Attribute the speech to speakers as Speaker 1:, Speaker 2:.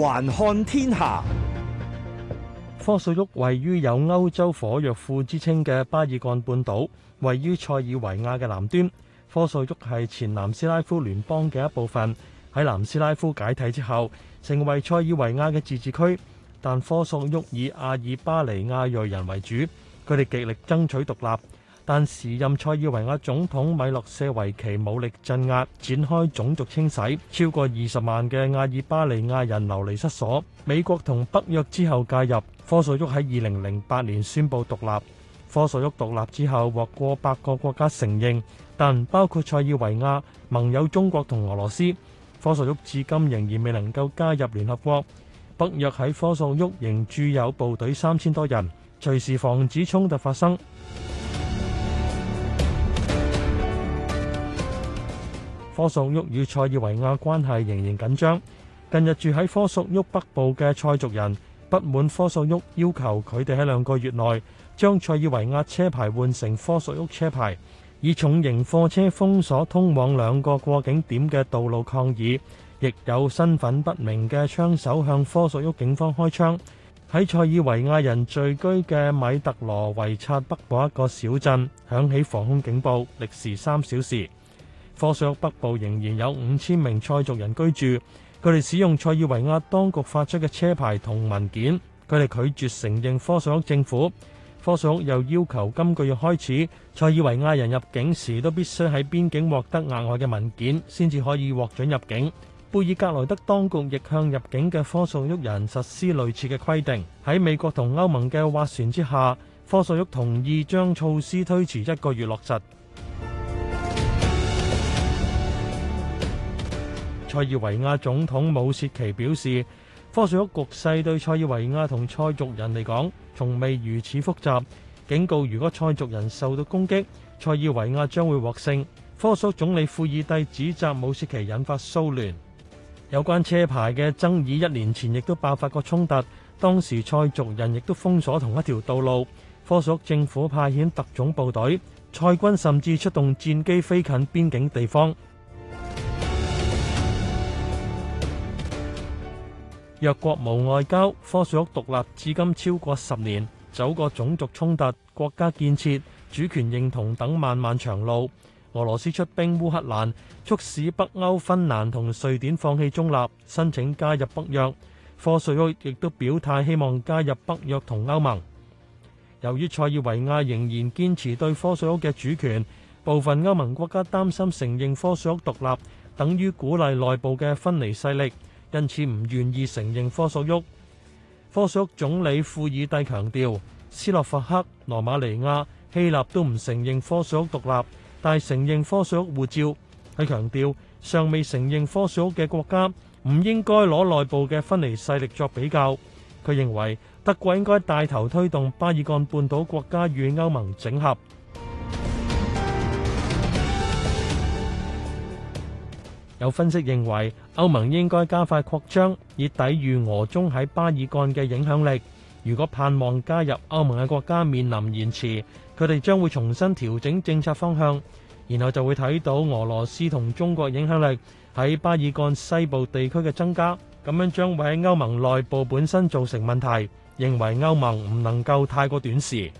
Speaker 1: 環看天下，科索沃位於有歐洲火藥庫之稱嘅巴爾幹半島，位於塞爾維亞嘅南端。科索沃係前南斯拉夫聯邦嘅一部分，喺南斯拉夫解體之後，成為塞爾維亞嘅自治區。但科索沃以阿爾巴尼亞裔人為主，佢哋極力爭取獨立。但時任塞爾維亞總統米洛舍維奇武力鎮壓，展開種族清洗，超過二十萬嘅阿爾巴尼亞人流離失所。美國同北約之後介入。科索沃喺二零零八年宣布獨立。科索沃獨立之後獲過百個國家承認，但包括塞爾維亞盟友中國同俄羅斯。科索沃至今仍然未能夠加入聯合國，北約喺科索沃仍駐有部隊三千多人，隨時防止衝突發生。科索沃與塞爾維亞關係仍然緊張。近日住喺科索沃北部嘅塞族人不滿科索沃要求佢哋喺兩個月內將塞爾維亞車牌換成科索沃車牌，以重型貨車封鎖通往兩個過境點嘅道路抗議。亦有身份不明嘅槍手向科索沃警方開槍。喺塞爾維亞人聚居嘅米特羅維察北部一個小鎮，響起防空警報，歷時三小時。科索沃北部仍然有五千名塞族人居住，佢哋使用塞爾維亞當局發出嘅車牌同文件，佢哋拒絕承認科索沃政府。科索沃又要求今個月開始，塞爾維亞人入境時都必須喺邊境獲得額外嘅文件，先至可以獲准入境。貝爾格萊德當局亦向入境嘅科索沃人實施類似嘅規定。喺美國同歐盟嘅斡旋之下，科索沃同意將措施推遲一個月落實。塞爾維亞總統武切奇表示，科索沃局勢對塞爾維亞同塞族人嚟講，從未如此複雜。警告：如果塞族人受到攻擊，塞爾維亞將會獲勝。科索總理庫爾蒂指責武切奇引發騷亂。有關車牌嘅爭議，一年前亦都爆發過衝突。當時塞族人亦都封鎖同一條道路。科索沃政府派遣特種部隊，塞軍甚至出動戰機飛近邊境地方。若國無外交，科索沃獨立至今超過十年，走過種族衝突、國家建設、主權認同等漫漫長路。俄羅斯出兵烏克蘭，促使北歐芬蘭同瑞典放棄中立，申請加入北約。科索沃亦都表態希望加入北約同歐盟。由於塞爾維亞仍然堅持對科索沃嘅主權，部分歐盟國家擔心承認科索沃獨立，等於鼓勵內部嘅分離勢力。因此唔願意承認科索沃。科索沃總理庫爾蒂強調，斯洛伐克、羅馬尼亞、希臘都唔承認科索沃獨立，但係承認科索沃護照。佢強調，尚未承認科索沃嘅國家唔應該攞內部嘅分離勢力作比較。佢認為德國應該帶頭推動巴爾幹半島國家與歐盟整合。有分析認為，歐盟應該加快擴張，以抵禦俄中喺巴爾幹嘅影響力。如果盼望加入歐盟嘅國家面臨延遲，佢哋將會重新調整政策方向，然後就會睇到俄羅斯同中國影響力喺巴爾幹西部地區嘅增加，咁樣將會喺歐盟內部本身造成問題。認為歐盟唔能夠太過短視。